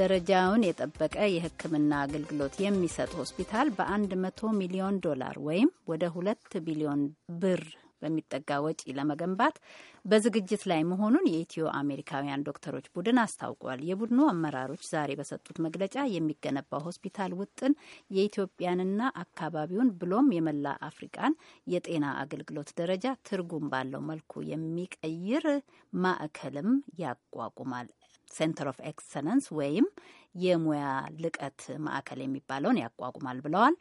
ደረጃውን የጠበቀ የሕክምና አገልግሎት የሚሰጥ ሆስፒታል በ100 ሚሊዮን ዶላር ወይም ወደ 2 ቢሊዮን ብር በሚጠጋ ወጪ ለመገንባት በዝግጅት ላይ መሆኑን የኢትዮ አሜሪካውያን ዶክተሮች ቡድን አስታውቋል። የቡድኑ አመራሮች ዛሬ በሰጡት መግለጫ የሚገነባው ሆስፒታል ውጥን የኢትዮጵያንና አካባቢውን ብሎም የመላ አፍሪቃን የጤና አገልግሎት ደረጃ ትርጉም ባለው መልኩ የሚቀይር ማዕከልም ያቋቁማል። ሴንተር ኦፍ ኤክሰለንስ ወይም የሙያ ልቀት ማዕከል የሚባለውን ያቋቁማል ብለዋል።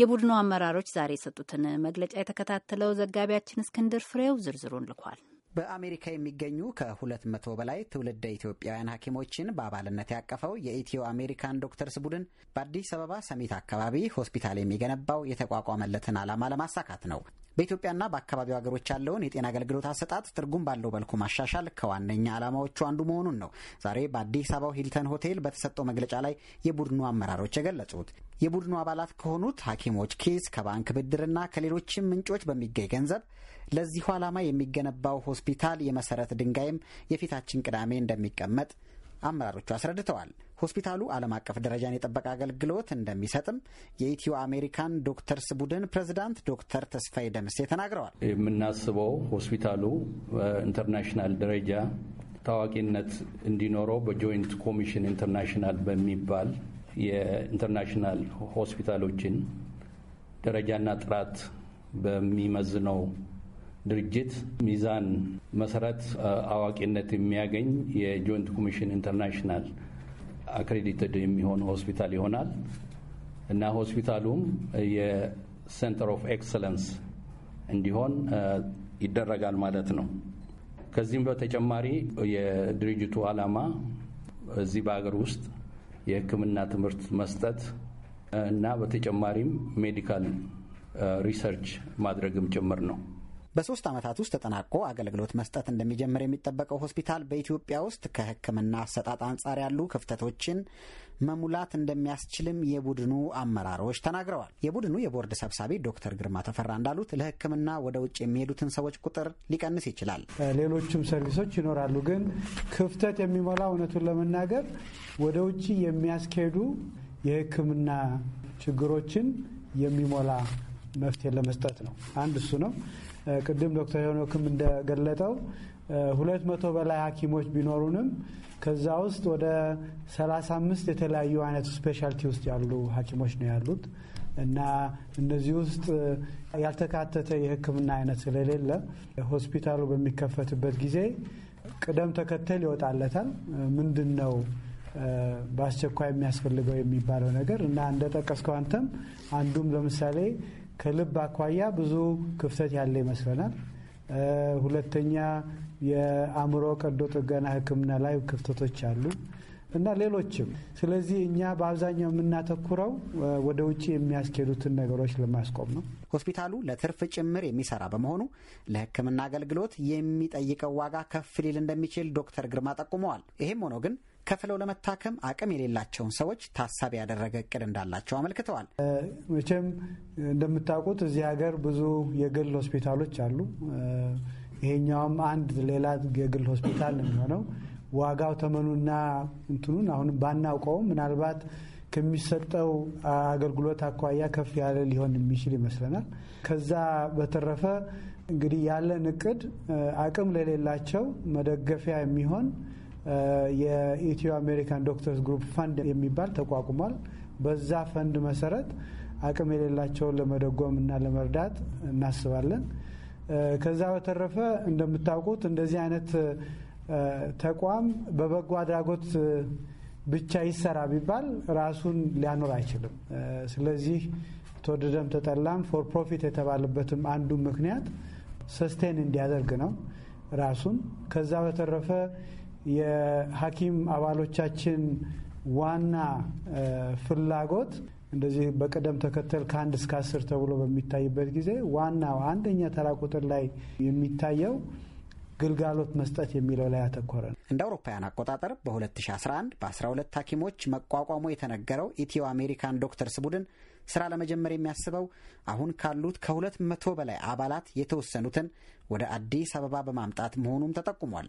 የቡድኑ አመራሮች ዛሬ የሰጡትን መግለጫ የተከታተለው ዘጋቢያችን እስክንድር ፍሬው ዝርዝሩን ልኳል። በአሜሪካ የሚገኙ ከ200 በላይ ትውልደ ኢትዮጵያውያን ሐኪሞችን በአባልነት ያቀፈው የኢትዮ አሜሪካን ዶክተርስ ቡድን በአዲስ አበባ ሰሜት አካባቢ ሆስፒታል የሚገነባው የተቋቋመለትን ዓላማ ለማሳካት ነው። በኢትዮጵያና በአካባቢው ሀገሮች ያለውን የጤና አገልግሎት አሰጣጥ ትርጉም ባለው መልኩ ማሻሻል ከዋነኛ ዓላማዎቹ አንዱ መሆኑን ነው ዛሬ በአዲስ አበባው ሂልተን ሆቴል በተሰጠው መግለጫ ላይ የቡድኑ አመራሮች የገለጹት። የቡድኑ አባላት ከሆኑት ሐኪሞች ኪስ ከባንክ ብድርና ከሌሎችም ምንጮች በሚገኝ ገንዘብ ለዚሁ ዓላማ የሚገነባው ሆስፒታል የመሰረት ድንጋይም የፊታችን ቅዳሜ እንደሚቀመጥ አመራሮቹ አስረድተዋል። ሆስፒታሉ ዓለም አቀፍ ደረጃን የጠበቀ አገልግሎት እንደሚሰጥም የኢትዮ አሜሪካን ዶክተርስ ቡድን ፕሬዝዳንት ዶክተር ተስፋዬ ደምሴ ተናግረዋል። የምናስበው ሆስፒታሉ በኢንተርናሽናል ደረጃ ታዋቂነት እንዲኖረው በጆይንት ኮሚሽን ኢንተርናሽናል በሚባል የኢንተርናሽናል ሆስፒታሎችን ደረጃና ጥራት በሚመዝነው ድርጅት ሚዛን መሰረት አዋቂነት የሚያገኝ የጆይንት ኮሚሽን ኢንተርናሽናል አክሬዲትድ የሚሆን ሆስፒታል ይሆናል እና ሆስፒታሉም የሴንተር ኦፍ ኤክሰለንስ እንዲሆን ይደረጋል ማለት ነው። ከዚህም በተጨማሪ የድርጅቱ ዓላማ እዚህ በሀገር ውስጥ የሕክምና ትምህርት መስጠት እና በተጨማሪም ሜዲካል ሪሰርች ማድረግም ጭምር ነው። በሶስት ዓመታት ውስጥ ተጠናቆ አገልግሎት መስጠት እንደሚጀምር የሚጠበቀው ሆስፒታል በኢትዮጵያ ውስጥ ከሕክምና አሰጣጥ አንጻር ያሉ ክፍተቶችን መሙላት እንደሚያስችልም የቡድኑ አመራሮች ተናግረዋል። የቡድኑ የቦርድ ሰብሳቢ ዶክተር ግርማ ተፈራ እንዳሉት ለሕክምና ወደ ውጭ የሚሄዱትን ሰዎች ቁጥር ሊቀንስ ይችላል። ሌሎችም ሰርቪሶች ይኖራሉ። ግን ክፍተት የሚሞላ እውነቱን ለመናገር ወደ ውጭ የሚያስኬዱ የሕክምና ችግሮችን የሚሞላ መፍትሄ ለመስጠት ነው። አንድ እሱ ነው። ቅድም ዶክተር ሄኖክም እንደገለጠው ሁለት መቶ በላይ ሐኪሞች ቢኖሩንም ከዛ ውስጥ ወደ 35 የተለያዩ አይነት ስፔሻልቲ ውስጥ ያሉ ሐኪሞች ነው ያሉት እና እነዚህ ውስጥ ያልተካተተ የሕክምና አይነት ስለሌለ ሆስፒታሉ በሚከፈትበት ጊዜ ቅደም ተከተል ይወጣለታል። ምንድን ነው በአስቸኳይ የሚያስፈልገው የሚባለው ነገር እና እንደጠቀስከው አንተም አንዱም ለምሳሌ ከልብ አኳያ ብዙ ክፍተት ያለ ይመስለናል። ሁለተኛ የአእምሮ ቀዶ ጥገና ሕክምና ላይ ክፍተቶች አሉ እና ሌሎችም። ስለዚህ እኛ በአብዛኛው የምናተኩረው ወደ ውጭ የሚያስኬዱትን ነገሮች ለማስቆም ነው። ሆስፒታሉ ለትርፍ ጭምር የሚሰራ በመሆኑ ለሕክምና አገልግሎት የሚጠይቀው ዋጋ ከፍ ሊል እንደሚችል ዶክተር ግርማ ጠቁመዋል። ይህም ሆኖ ግን ከፍለው ለመታከም አቅም የሌላቸውን ሰዎች ታሳቢ ያደረገ እቅድ እንዳላቸው አመልክተዋል። መቼም እንደምታውቁት እዚህ ሀገር ብዙ የግል ሆስፒታሎች አሉ። ይሄኛውም አንድ ሌላ የግል ሆስፒታል ነው የሚሆነው። ዋጋው ተመኑና እንትኑን አሁን ባናውቀውም ምናልባት ከሚሰጠው አገልግሎት አኳያ ከፍ ያለ ሊሆን የሚችል ይመስለናል። ከዛ በተረፈ እንግዲህ ያለን እቅድ አቅም ለሌላቸው መደገፊያ የሚሆን የኢትዮ አሜሪካን ዶክተርስ ግሩፕ ፈንድ የሚባል ተቋቁሟል። በዛ ፈንድ መሰረት አቅም የሌላቸውን ለመደጎም እና ለመርዳት እናስባለን። ከዛ በተረፈ እንደምታውቁት እንደዚህ አይነት ተቋም በበጎ አድራጎት ብቻ ይሰራ ቢባል ራሱን ሊያኖር አይችልም። ስለዚህ ተወደደም ተጠላም ፎር ፕሮፊት የተባለበትም አንዱ ምክንያት ሰስቴን እንዲያደርግ ነው ራሱን። ከዛ በተረፈ የሀኪም አባሎቻችን ዋና ፍላጎት እንደዚህ በቅደም ተከተል ከአንድ እስከ አስር ተብሎ በሚታይበት ጊዜ ዋናው አንደኛ ተራ ቁጥር ላይ የሚታየው ግልጋሎት መስጠት የሚለው ላይ ያተኮረ ነው። እንደ አውሮፓውያን አቆጣጠር በ2011 በ12 ሐኪሞች መቋቋሙ የተነገረው ኢትዮ አሜሪካን ዶክተርስ ቡድን ስራ ለመጀመር የሚያስበው አሁን ካሉት ከሁለት መቶ በላይ አባላት የተወሰኑትን ወደ አዲስ አበባ በማምጣት መሆኑም ተጠቁሟል።